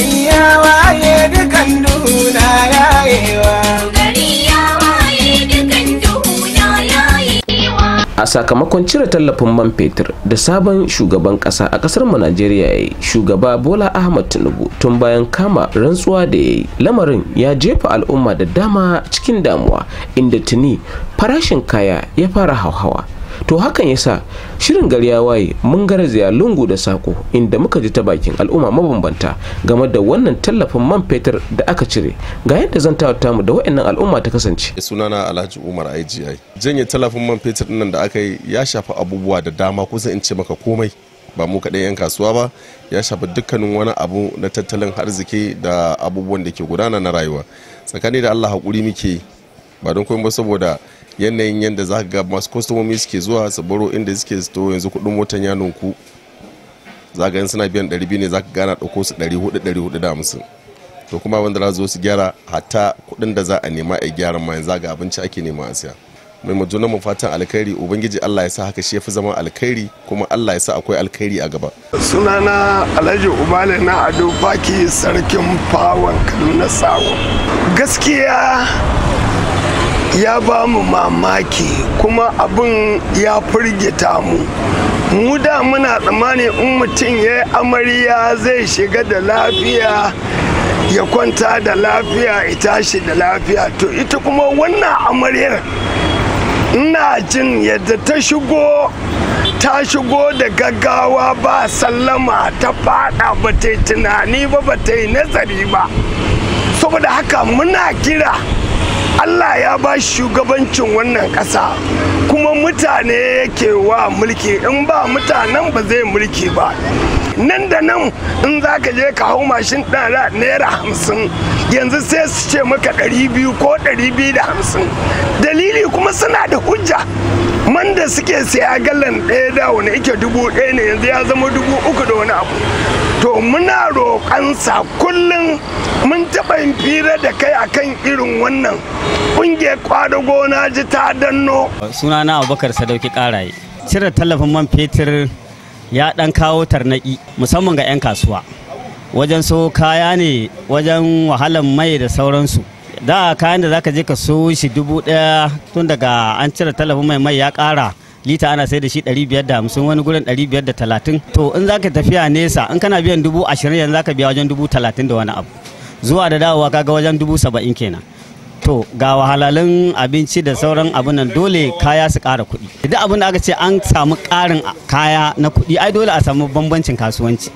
ya waye dukan duna yayewa a sakamakon cire tallafin man fetur da sabon shugaban kasa a kasar mu Najeriya ya yi shugaba Bola Ahmad Tinubu tun bayan kama rantsuwa da ya yi lamarin ya jefa al'umma da dama cikin damuwa inda tuni farashin kaya ya fara hauhawa to hakan yasa shirin gari ya waye mun garzaya lungu da sako inda muka ji ta bakin al'umma mabambanta game da wannan tallafin man fetur da aka cire ga yadda zan tawata mu da waɗannan al'umma ta kasance sunana alhaji umar aiji janye tallafin man fetur nan da aka yi ya shafi abubuwa da dama kusan in ce maka komai ba mu kaɗai 'yan kasuwa ba ya shafi dukkanin wani abu na tattalin arziki da abubuwan da ke gudana na rayuwa tsakani da allah haƙuri muke ba don ba saboda yanayin yadda za ka ga masu kwastomomi suke zuwa su baro inda suke to yanzu kudin motan ya nunku za yin suna biyan 200 ne za ka gana ɗauko su 400-450 to kuma wanda za zo su gyara hatta kudin da za a nema a gyara ma yanzu ga abinci ake nema a siya mai majuna mu fatan alkhairi ubangiji Allah ya sa haka shi ya fi zama alkhairi kuma Allah ya sa akwai alkhairi a gaba sunana Alhaji Ubale na Ado Baki sarkin fawon Kaduna Sawo gaskiya ya ba mu mamaki kuma abin ya firgita mu mu da muna tsammani in mutum ya yi amarya zai shiga da lafiya ya kwanta da lafiya ya tashi da lafiya to ita kuma wannan amaryar ina jin yadda ta shigo ta shigo da gaggawa ba sallama ta fada ba ta yi tunani ba ba ta yi nazari ba saboda haka muna kira Allah ya ba shugabancin wannan ƙasa kuma mutane yake wa mulki in ba mutanen ba zai mulki ba nan da nan in za ka je ka hau mashin ɗara naira hamsin yanzu sai su ce maka ɗari biyu ko ɗari biyu da hamsin dalili kuma suna da hujja da suke siya galan ɗaya da wani ike dubu ɗaya ne yanzu ya zama dubu uku da wani abu to muna roƙansa kullum mun taɓa yin fira da kai akan irin wannan ƙungiyar kwada gona ji ta danno suna na abubakar sadauki ƙaraye cire tallafin man fetur ya ɗan kawo tarnaki musamman ga 'yan kasuwa wajen so kaya ne wajen wahalan mai da sauransu da kayan da zaka je ka so shi dubu daya tun daga an cire talabin mai mai ya kara lita ana sai da shi 550 wani gurin 530 to in zaka tafiya nesa in kana biyan dubu ashirin yanzu zaka biya wajen dubu talatin da wani abu zuwa da dawowa kaga wajen dubu saba'in kenan to ga wahalalun abinci da sauran abun nan dole kaya su ƙara kuɗi duk abin da aka ce an samu ƙarin kaya na kuɗi ai dole a samu bambancin kasuwanci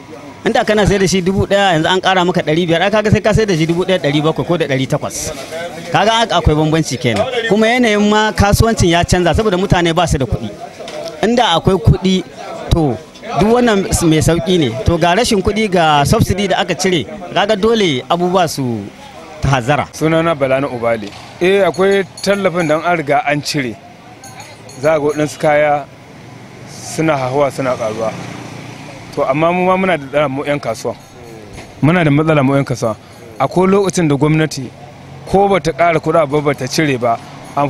inda kana sai da shi dubu daya yanzu an kara maka ɗari biyar kaga sai ka sai da shi dubu daya ɗari bakwai ko da ɗari takwas kaga akwai bambanci kenan kuma yanayin ma kasuwancin ya canza saboda mutane ba su da kuɗi inda akwai kuɗi to duk wannan mai sauki ne to ga rashin kuɗi ga subsidy da aka cire kaga dole abubuwa su hazara sunana bala na ubali eh akwai tallafin da an riga an cire za a waɗansu kaya suna hahuwa suna ƙaruwa to amma mu ma muna da matsala mu 'yan kasuwa muna da matsala mu 'yan kasuwa akwai lokacin da gwamnati ko ba ta ƙara kuɗa ba ba ta cire ba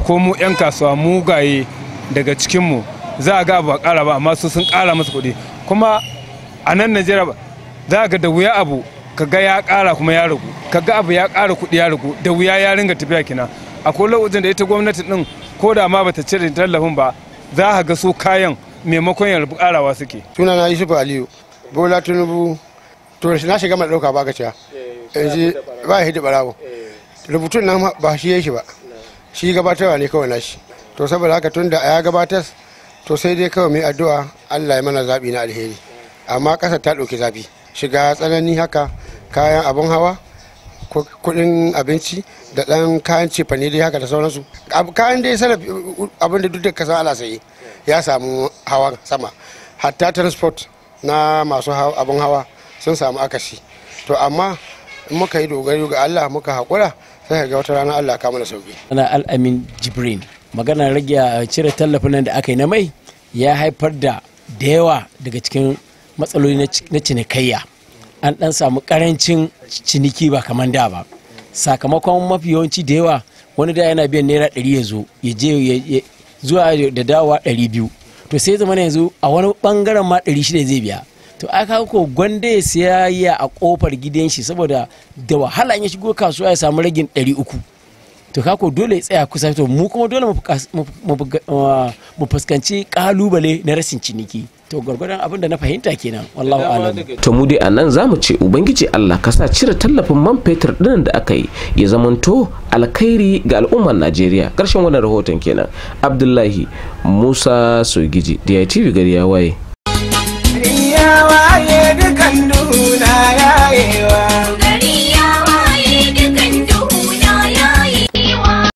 ko mu 'yan kasuwa mugaye daga cikinmu za a ga abu a ƙara ba amma su sun ƙara masa kuɗi kuma a nan najeriya za ga da wuya abu ka ga ya ƙara kuma ya ragu ka ga abu ya ƙara kuɗi ya ragu da wuya ya ringa tafiya kina akwai lokacin da ita gwamnati din ko da ma ba ta cire tallafin ba za ka ga su kayan maimakon ya karawa suke tuna na yusuf aliyu bola tunubu to na shiga mai dauka ba gaciya eh, yanzu ba hidi barawo eh. rubutun nan ba shi yake ba eh. shi gabatarwa ne kawai nashi to saboda haka tun da ya gabatar to sai dai kawai mai addu'a Allah ya mana zabi na alheri amma ƙasa ta dauki zabi shiga tsanani haka kayan abin hawa kudin abinci da dan kayan cefane dai haka da sauransu kayan dai sarrafa abin da duk da ka ala sai ya samu hawan sama hatta transport na masu abin hawa sun samu akashi to amma muka yi dogari ga allah muka haƙura sai ga wata rana allah kama da sauki ana al'amin jibrin magana rage uh, cire tallafin nan da aka yi na mai ya haifar da da yawa daga cikin matsaloli na cinikayya an ɗan samu karancin ciniki ba kamar da ba sakamakon mafi yawanci da yawa wani da yana biyan naira 100 ya zo ya je zuwa da dawa ɗari biyu to sai zama yanzu a wani ɓangaren ma ɗari shida zai biya to ai kaga ko gwanda ya siya a kofar gidan shi saboda da wahala in ya shigo kasuwa ya samu ragin ɗari uku to kako dole ya tsaya kusa to mu kuma dole mu fuskanci kalubale na rashin ciniki to gwargwadon abin da na fahimta kenan wallahu alam to mu dai anan zamu ce ubangiji Allah ka sa cire tallafin man fetur din da aka yi ya zamanto alkhairi ga al'ummar Najeriya karshen wannan rahoton kenan Abdullahi Musa Sogiji DITV gari ya waye ya waye dukan duna